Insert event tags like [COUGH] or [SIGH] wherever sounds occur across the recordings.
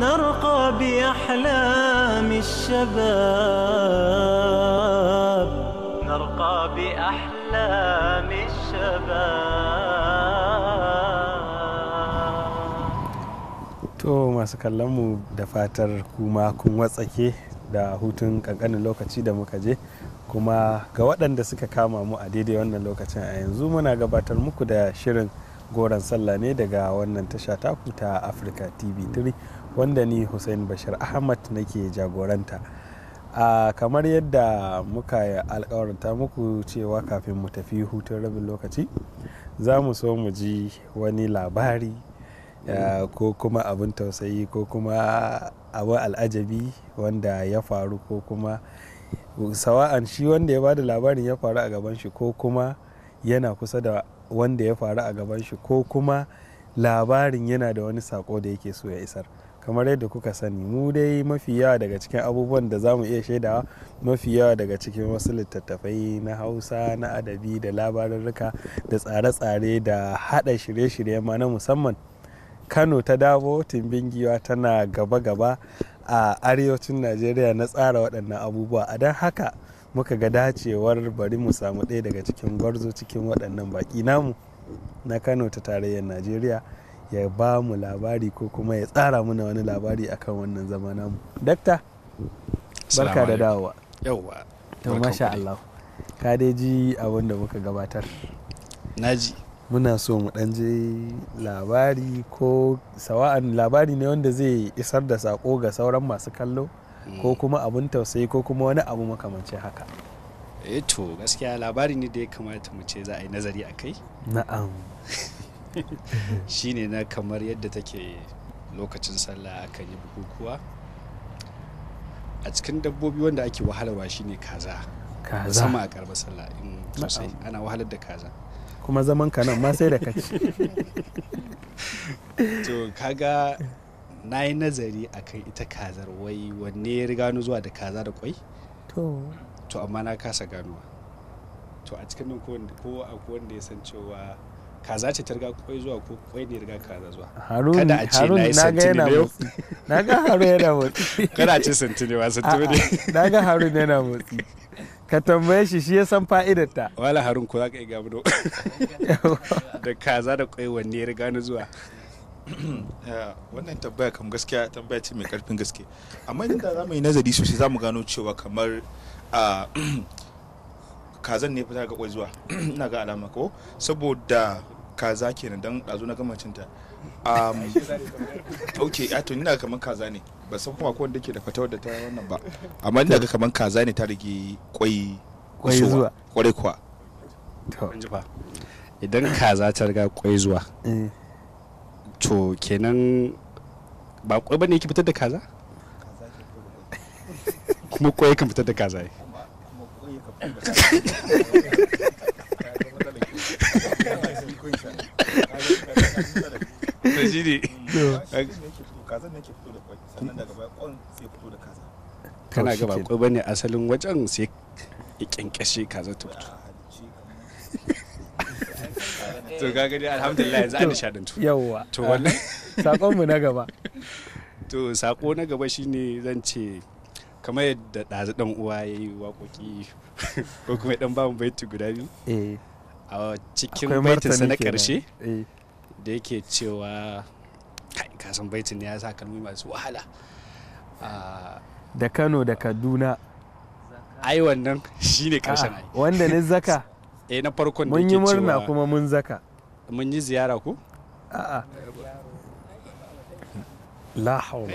نرقى بأحلام الشباب نرقى mu الشباب to masu kallonmu da fatar kuma kun watsake da hutun kankanin lokaci da muka je kuma ga waɗanda suka kama mu a daidai wannan lokacin a yanzu muna gabatar muku da shirin goron sallah ne daga wannan tasha taku ta afirka tv 3 wanda ni hussain bashir ahmad nake jagoranta a kamar yadda muka alkawarta muku cewa kafin mu tafi hutun rabin lokaci za mu so mu ji wani labari Uh, ko kuma abin tausayi ko kuma abin al'ajabi wanda ya faru ko kuma sawa'an shi wanda ya bada labarin ya faru a gaban shi ko kuma yana kusa da wanda ya faru a gaban shi ko kuma labarin yana da wani sako da yake so ya isar kamar yadda kuka sani mu dai mafi yawa daga cikin abubuwan da za mu iya shaidawa mafi yawa daga cikin wasu littattafai na hausa na adabi da labarurruka da tsare-tsare da haɗa shirye-shirye ma na musamman kano ta timbin giwa tana gaba-gaba a arewacin najeriya na tsara waɗannan abubuwa a don haka muka ga dacewar bari mu samu ɗaya daga cikin gwarzo cikin waɗannan baƙi namu na kano ta tarayyar najeriya ya ba mu labari ko kuma ya tsara mana wani labari akan wannan zama namu dakta barka da dawowa yauwa to masha Allah ka dai ji abin da muka gabatar naji muna so mu dan je labari ko sawa'an labari ne wanda zai isar da sako ga sauran masu kallo ko hmm. kuma abin tausayi ko kuma wani abu makamancin haka eh to gaskiya labari ne da ya kamata mu ce za a yi nazari a kai na'am [LAUGHS] [LAUGHS] shine na kamar yadda take lokacin sallah aka yi bukukuwa a cikin dabbobi wanda ake wahalarwa shine kaza kaza sama a karbar sallah in sosai ana wahalar da kaza kuma zaman ka nan ma sai da kaci [LAUGHS] to kaga na yi nazari akan ita kazar wai wanne ya riga zuwa da kaza da kwai to amma na kasa ganuwa to a cikin ko a wanda ya san cewa kaza ce ta riga kwai zuwa ko kwai ne riga kaza zuwa kada a ce na yi santini yau na ga haru yana motsi [LAUGHS] kada a ce santini ba santini ne na ga haru yana motsi ka tambaye shi shi ya san fa'idar ta wala harun ko za ka iya gabdo [LAUGHS] da kaza da kwai wanne ya riga ni zuwa [CLEARS THROAT] eh, wannan tambaya kam gaskiya tambaya ce mai karfin gaske amma idan da za mu yi nazari sosai za mu gano cewa kamar [CLEARS THROAT] kazan ne fita ga kwai zuwa [CLEARS THROAT] ina ga alama ko saboda kaza kenan don ɗazu na gama cinta ok ok to ina kamar kaza ne ba san kuma ko wanda ke da fata da ta wannan ba amma ina ga kamar kaza ne ta rage kwai kwai zuwa kwarai kuwa idan kaza ta riga kwai zuwa eh. to kenan ba kwai bane yake fitar da kaza kuma kwai kan fitar da kaza ne to shi ne kazan ne ke fito da kwai sannan daga baya kwan sai fito da kaza kana ga ba ne asalin wajen sai ya kyankyashe kaza ta fito to ga gani alhamdulillah yanzu an tu yawwa to wannan [LAUGHS] sakon mu na gaba to sako na gaba shine zan ce kamar yadda ɗazu ɗan uwa ya yi waƙoƙi [LAUGHS] ko kuma ɗan bamu baiti guda biyu eh. a cikin baitinsa na karshe eh. da yake cewa kasan baitin ne ya sa kalmomi masu wahala da kano da kaduna ai wannan shine karshen ai ah, wanda ne zaka [LAUGHS] eh na farkon da yake cewa mun yi kuma mun zaka mun yi ziyara ko a'a la haula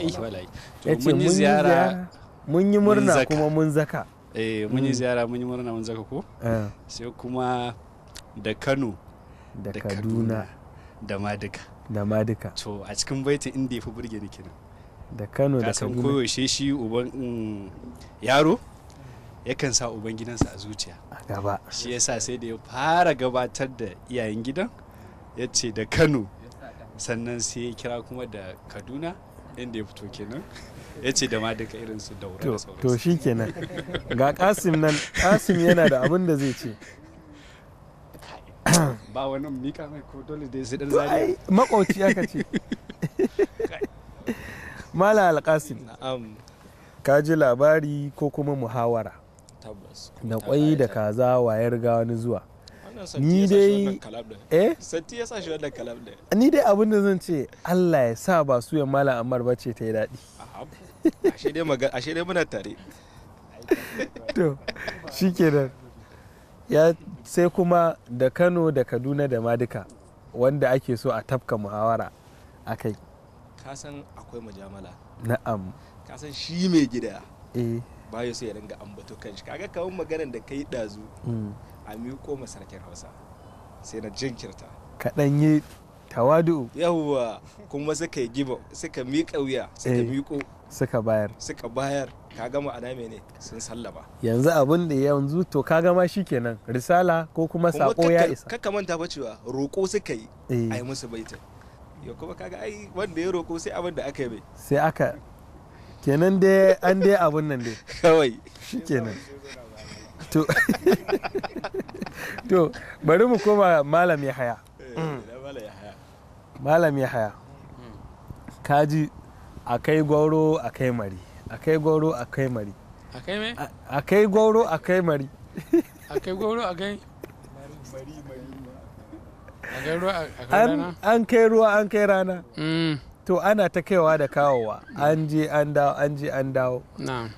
yace mun yi ziyara mun yi murna kuma mun zaka eh mun yi mm. ziyara mun yi murna mun zaka ko eh. sai kuma da kano da kaduna da maduka da maduka to a cikin baitin inda ya fi burge ni kenan da kano da kaduna kasan koyaushe shi uban mm, yaro yakan sa uban gidansa a zuciya a gaba shi yasa sai da ya fara gabatar da iyayen gidan ya ce da kano sannan sai ya kira kuma da kaduna inda ya fito kenan ya ce da ma irin su daura da sauransu to shi kenan ga kasim nan kasim yana da abin da zai ce ba wani mika mai ko dole dai sai dan zari makauci aka ce [LAUGHS] mala alƙasim ka ji labari ko kuma muhawara da kwai da kaza wayar ga wani zuwa ni dai eh sati ya sa shi wannan kalab da ni dai abin da zan ce Allah ya sa ba su ya mala ammar bace ta yi daɗi ashe dai muna tare [LAUGHS] to shikenan sai kuma da kano da kaduna da madika wanda ake so a tafka muhawara a kai kasan akwai mujamala na'am kasan shi mai gida eh bayo sai ya ringa ambato kanshi kaga kawun maganar da kai dazu mm. a miko masarkin hausa sai na jinkirta kaɗan yi tawadu yawwa kuma suka yi giba suka miƙa wuya suka eh. miƙo suka bayar suka bayar ka kaga ma'ana mene sun sallama yanzu abin da yanzu to ka gama shi kenan risala ko kuma sako ya isa kakka manta ba cewa roƙo suka yi eh. ai musu baitin ya kuma kaga ai wanda ya roƙo sai abin da aka yi sai aka kenan dai an dai abin nan dai [LAUGHS] kawai shikenan to [LAUGHS] to bari mu koma malam ya haya eh, malam ya haya kaji akai kai gwauro a mari akai goro akai mari akai me akai goro akai mari akai goro akai mari mari an kai ruwa an kai rana mm. to ana ta kaiwa da kawowa an je an dawo an je an dawo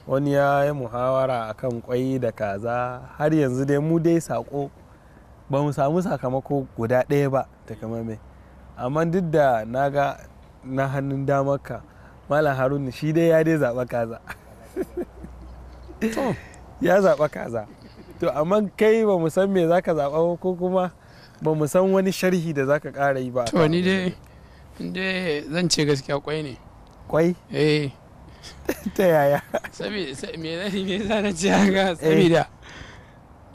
wani ya yi muhawara akan kwai da kaza har yanzu dai mu dai sako ba mu samu sakamako guda ɗaya ba ta kama mai amma duk da na ga na hannun damar ka. malam haruna shi dai ya dai zaɓa kaza ya zaɓa kaza to amma kai ba mu san me za ka zaɓa ko kuma ba mu san wani sharhi da za ka ƙara yi ba to ni dai zan ce gaskiya kwai ne kwai eh [LAUGHS] ta yaya saboda me zani me zana ce haka eh. saboda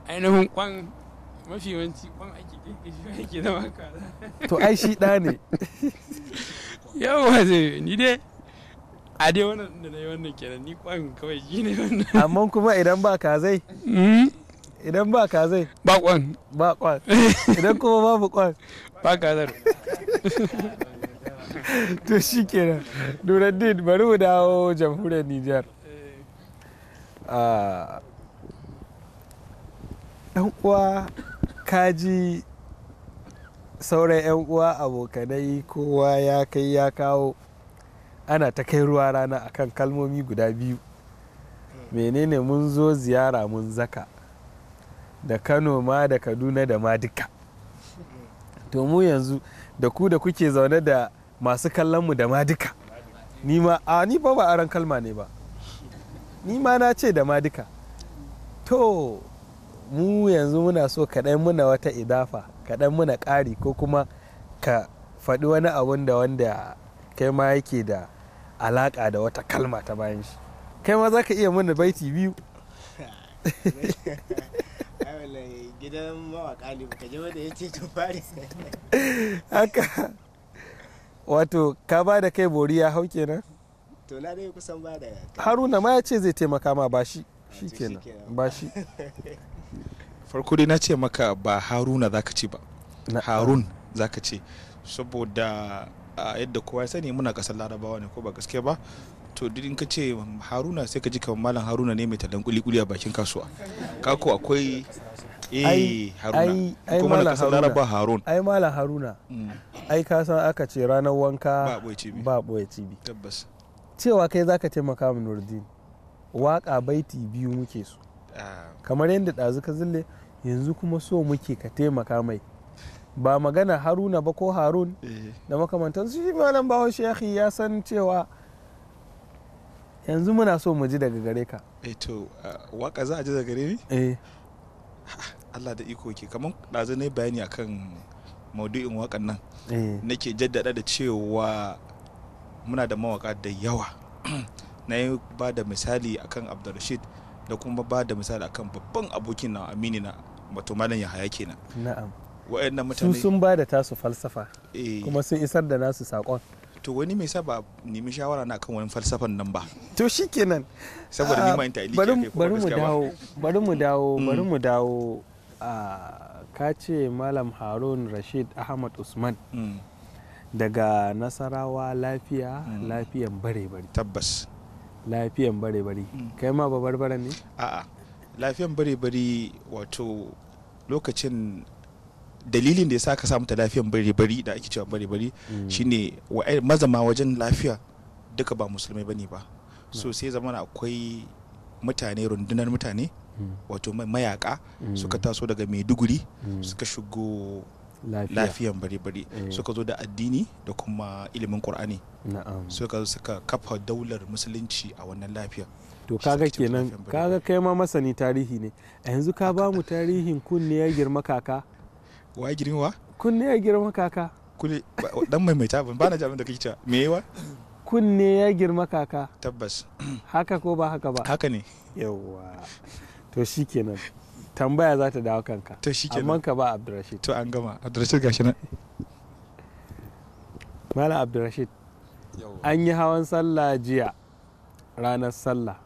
ainihin kwan mafi wanci kwan ake kirkishi ake zama kaza to ai shi ɗa ne [LAUGHS] yawa zai ni dai a dai wannan da na yi wannan kenan ni kwan kawai ji ne wannan [LAUGHS] amma kuma idan ba zai hmm? idan ba zai ba kwan ba kwan idan kuma babu kwan ba kazar [LAUGHS] to shi kenan nuruddin bari mu dawo jamhuriyar nijar dan eh. ah. uwa kaji sauran 'yan uwa abokanai kowa ya kai ya kawo ana ta kai ruwa rana a kan kalmomi guda biyu hmm. menene mun zo ziyara mun zaka da kano ma da kaduna da ma duka hmm. to mu yanzu da ku da kuke zaune da masu kallonmu da ma duka ni ma a ni ba ba aran kalma ne ba ni ma na ce da ma duka to mu yanzu muna so kaɗan muna wata idafa kaɗan muna ƙari ko kuma ka faɗi wani abun da wanda kai ma yake da alaƙa da wata kalma ta bayan shi kai ma za ka iya mana baiti biyu [LAUGHS] gidan mawaka ne ka ya ce to [LAUGHS] haka wato ka ba da kai bori ya hau kenan to na dai kusan ba da haruna ma ya ce zai taimaka ma ba shi ah, shi kenan ba shi [LAUGHS] farko dai na ce maka ba haruna za ka ce ba harun za ka ce saboda a yadda kowa ya sani muna kasar larabawa ne ko ba gaske ba to duk in ka ce haruna sai ka ji kamar malam haruna ne mai tallan kuli-kuli a bakin kasuwa kako akwai eh haruna larabawa harun ai malam haruna mm. ai ka san aka ce ranar wanka ba boye cibi tabbas cewa kai zaka taimaka mu nurdin waka baiti biyu muke su ah. kamar yadda ɗazu ka zille yanzu kuma so muke ka taimaka mai ba magana haruna ba ko harun eh. da makamantansu shi malam bawa shekhi ya san cewa yanzu muna so mu ji daga gare ka eh to uh, waka za a ji daga gare ni eh [LAUGHS] Allah da iko ke kamar ɗazu na bayani akan maudu'in wakan nan eh. nake jaddada da cewa muna da mawaka da yawa [CLEARS THROAT] na yi ba da misali akan abdulrashid da kuma ba da misali akan babban abokin na amini na wato malam yahaya kenan na'am waɗannan mutane su sun ba da tasu falsafa eh. kuma sun isar da nasu saƙon to wani mai saba nemi shawara na kan wani falsafan nan ba to shikenan saboda ni ah, ma inta ilike bari bari mu dawo bari mu dawo mm. bari mu dawo ah, ka ce malam harun rashid ahmad usman mm. daga nasarawa lafiya mm. lafiyan bare bare tabbas lafiyan bare bare kai ma ba bare ne a'a lafiyan bare bare wato lokacin dalilin da ya sa ka samu ta lafiyan bari-bari da ake cewa bari-bari mm. shine mazama wajen lafiya duka ba musulmai bane ba mm. so sai zamana akwai mutane rundunar mutane mm. wato mayaka suka taso daga maiduguri suka shigo lafiyan bari-bari eh. suka zo da addini da kuma ilimin qur'ani suka suka kafa daular musulunci a wannan lafiya to kaga kenan kaga kai ma masani tarihi ne a yanzu ka ba mu tarihin kunniyar ya girma kaka wa ya girma wa kunne ya girma kaka kule dan maimaita ban bana ji da kike cewa me yawa kunne ya girma kaka tabbas haka ko ba haka ba haka ne yawa to shikenan tambaya za ta dawo kanka to shikenan amma ka ba abdurrashid to an gama abdurrashid gashi nan malam abdurrashid an yi hawan sallah jiya ranar sallah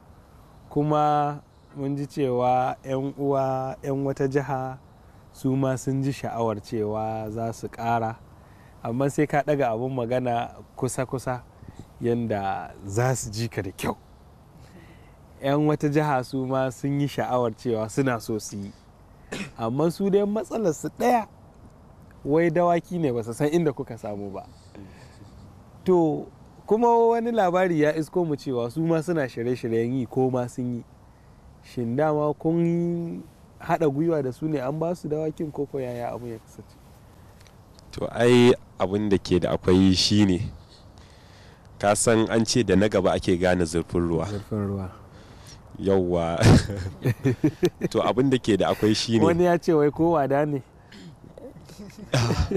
kuma mun ji cewa 'yan uwa 'yan wata jiha su ma sun ji sha'awar cewa za su ƙara amma sai ka ɗaga abin magana kusa-kusa yadda za su ji ka da kyau 'yan wata jiha su ma sun yi sha'awar cewa suna so su yi amma su dai matsalar su ɗaya wai dawaki ne ba su san inda kuka samu ba to kuma wani labari ya isko mu cewa su ma suna shirye-shiryen yi ko ma sun yi shin dama kun haɗa gwiwa da su ne an ba su dawakin koko yaya abu ya kasance to ai abin da ke da akwai shi ne. ka san an ce da na gaba ake gane zurfin ruwa zurfin ruwa yauwa [LAUGHS] to abin da ke da akwai shi ne wani ya ce wai ko wada ne [LAUGHS]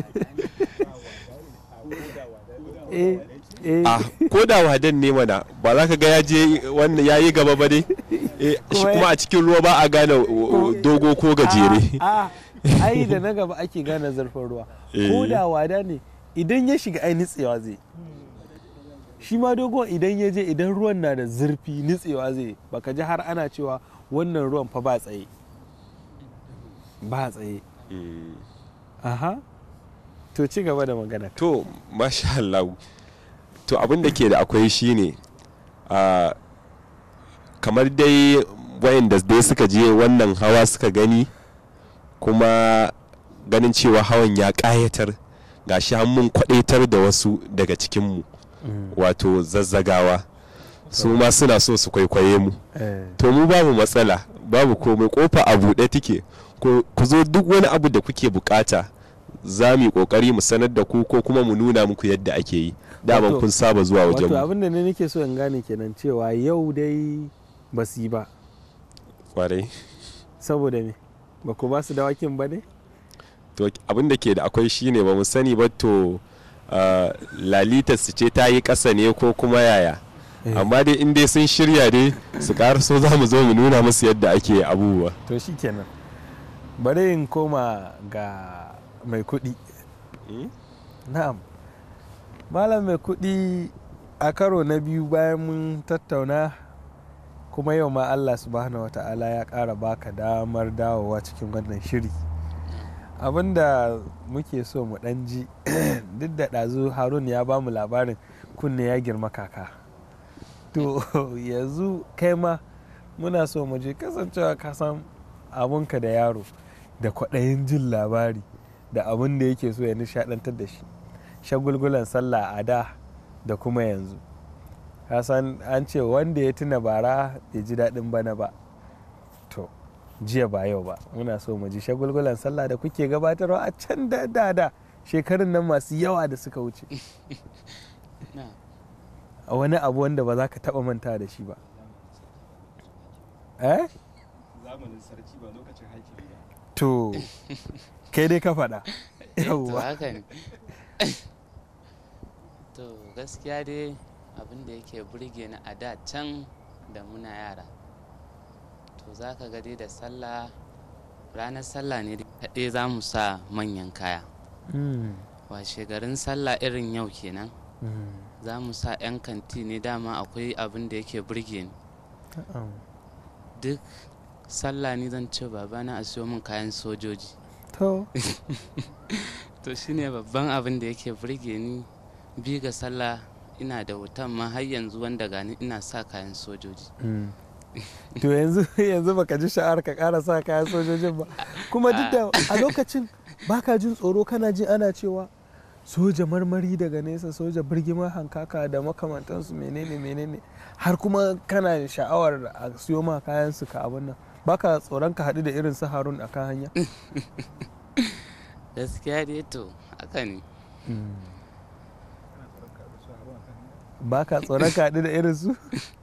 eh, eh. Ah, ko da wadan ne mana ba za ka ga ya je wannan yayi gaba ba dai Eh, shi kuma a cikin ruwa ba a gane uh, uh, dogo ko gajere ah, ah, ai da na gaba ake gane zarfin ruwa ko eh. da wada ne idan ya shiga ai nitsewa zai shi ma dogon idan ya je idan ruwan na da zurfi nitsewa zai baka ji har ana cewa wannan ruwan fa ba tsaye ba tsaye hmm. aha to ci gaba da magana to masha Allah to abin da ke da akwai shine a ah, kamar dai da dai suka je wannan hawa suka gani kuma ganin cewa hawan ya ƙayatar shi mun kwadaitar da wasu daga cikinmu wato zazzagawa su ma suna so su kwaikwaye mu eh. to mu babu matsala babu komai kofa a buɗe take ku zo duk wani abu da kuke bukata za mu yi kokari mu sanar da ku ko kuma mu nuna muku yadda ake yi daman kun saba zuwa wajen mu wato da ne nake so in gane kenan cewa yau dai ba su yi ba kwarai saboda me ba ku ba su dawakin ba ne to abin ke da akwai shine ba mu sani ba to lalita su ce ta yi ƙasa ne ko kuma yaya eh. amma dai in dai sun shirya dai su so za mu zo mu nuna musu yadda ake abubuwa to shikenan bari in koma ga mai kudi hmm? na'am malam mai kudi a karo na biyu bayan mun tattauna kuma yau ma allah subhanahu wata'ala ya kara baka damar dawowa cikin wannan shiri abinda muke so mu dan ji [CLEARS THROAT] duk da ɗazu harun ya ba mu labarin kunne ya girma kaka to [LAUGHS] yanzu kai ma muna so mu je kasancewa ka san abunka da yaro da kwaɗayin jin labari da abin da yake so ya nishaɗantar da shi shagulgulan sallah a da da kuma yanzu ka san an ce wanda ya tuna bara bai ji daɗin bana ba to jiya ba yau ba muna so mu ji shagulgulan sallah da kuke gabatarwa a can da dada shekarun nan masu yawa da suka wuce wani abu wanda ba za ka taba manta da shi ba eh to kai dai ka faɗa eh, yauwa to gaskiya dai abin yake burge ni a da can da muna yara to za ka gade da sallah ranar sallah ne kaɗai za mu sa manyan kaya hmm. washe garin sallah irin yau kenan hmm. za mu sa 'yan kanti ne dama akwai abin da yake burge ni duk sallah ni zan ce babana a siyo min kayan sojoji to [LAUGHS] shine babban abin da yake burge ni bi ga sallah ina da hoton ma har yanzu wanda gani ina sa kayan sojoji hmm. to yanzu [LAUGHS] yanzu baka ji sha'ar ka kara sa kayan sojojin ba kuma duk da a lokacin baka jin tsoro kana ji ana cewa soja marmari daga nesa soja birgima hankaka da makamantansu menene menene har kuma kana sha'awar a siyo ma kayan su ka abin nan baka tsoron ka haɗu da irin su harun a kan hanya [LAUGHS] gaskiya dai to haka ne hmm. ba ka tsoron ka haɗu da irin su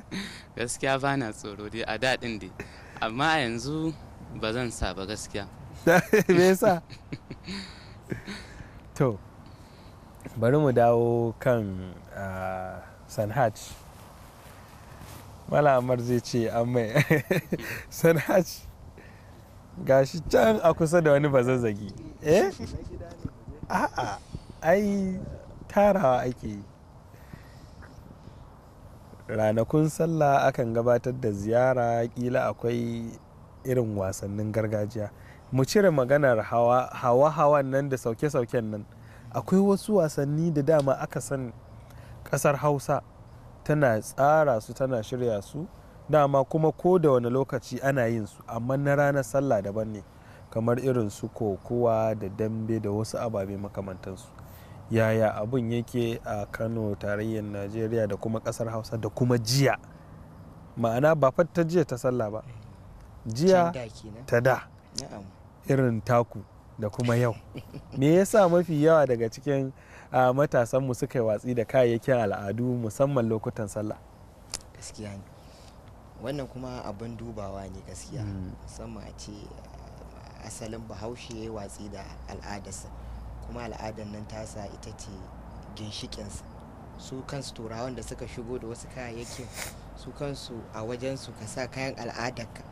[LAUGHS] gaskiya ba na tsoro dai a daɗin dai amma a yanzu ba zan sa ba gaskiya [LAUGHS] me yasa [LAUGHS] to bari mu dawo kan sanhaj malamar zai ce an mai sanhaj gashi can a kusa da wani bazazzagi eh a'a ai tarawa ake yi ranakun sallah akan gabatar da ziyara kila akwai irin wasannin gargajiya mu cire maganar hawa-hawan nan da sauke-sauken nan akwai wasu wasanni da dama aka san kasar hausa tana tsara su tana shirya su dama kuma ko da wani lokaci ana yin su amma na ranar sallah daban ne kamar irin su kokowa da dambe da wasu ababe makamantansu yaya abun yake a kano tarayyar najeriya da kuma kasar hausa da kuma jiya ma'ana ba fata jiya ta sallah ba jiya ta da irin taku da kuma yau [LAUGHS] me yasa mafi yawa daga cikin matasanmu suka yi watsi da kayayyakin al'adu musamman lokutan sallah gaskiya ne wannan kuma abin dubawa ne gaskiya hmm. musamman a ce asalin bahaushe ya watsi da al'adarsa kuma al'adar nan ta sa ita ce ginshikinsa su kansu turawan da suka shigo da wasu kayayyakin su kansu a wajensu ka sa kayan al'adarka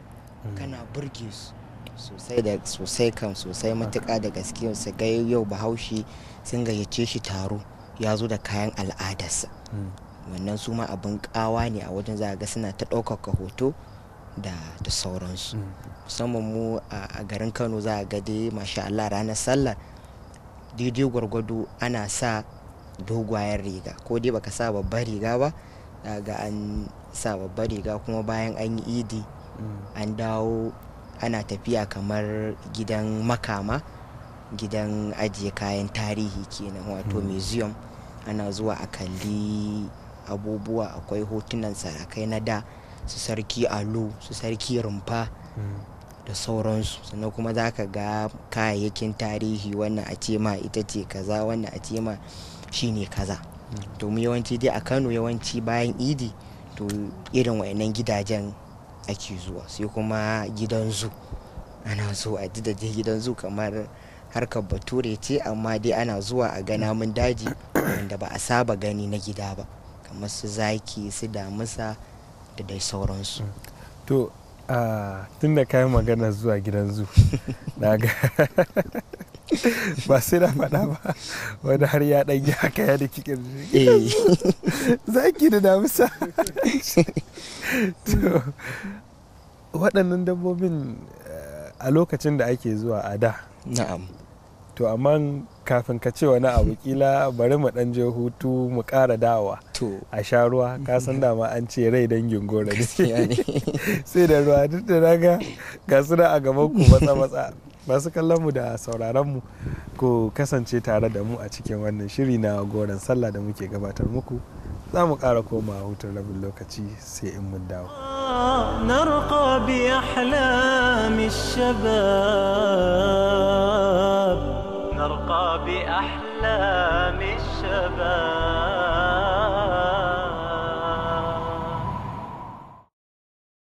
hmm. kana burge su sosai da sosai kan sosai matuka da gaske su ga yau bahaushe sun gayyace shi taro ya zo da kayan al'adarsa hmm. wannan su ma abin kawa ne a wajen za ga suna ta ɗaukaka hoto da da sauransu hmm. musamman mu a garin kano za a ga dai masha Allah ranar sallar daidai gwargwado ana sa dogwayen riga ko dai baka sa babbar riga ba ga an sa babbar riga kuma bayan an yi idi mm. an dawo ana tafiya kamar gidan makama gidan ajiye kayan tarihi kenan wato mm. museum ana zuwa a kalli abubuwa akwai hotunan sarakai na da su sarki alo su sarki rumfa mm. da sauransu sannan kuma za ka ga kayayyakin tarihi wannan a ce ita ce kaza wannan a shi ne kaza domin yawanci dai a kano yawanci bayan idi to irin wayannan gidajen ake zuwa sai kuma gidan zu ana so a ji da gidan zu kamar harkar bature ce amma dai ana zuwa a ga namun daji wanda ba a saba gani na gida ba kamar su zaki su damusa da dai sauransu to tun da kayan magana zuwa gidan zu [LAUGHS] na ga [LAUGHS] ba sai na faɗa ba wani har ya ɗan yi haka ya da kikin eh. [LAUGHS] zaki da damusa waɗannan dabbobin eh, a lokacin da ake zuwa a da na'am to amma kafin ka ce wani abu kila bari mu dan je hutu mu ƙara dawa a sha ruwa ka san dama an ce rai dangin gora ne [LAUGHS] sai da ruwa duk da naga ga su a gaban ku matsa matsa masu kallon mu da sauraron mu ku kasance tare da mu a cikin wannan shiri na goron sallah da muke gabatar muku za mu ƙara koma hutun rabin lokaci sai in mun dawo نرقى بأحلام الشباب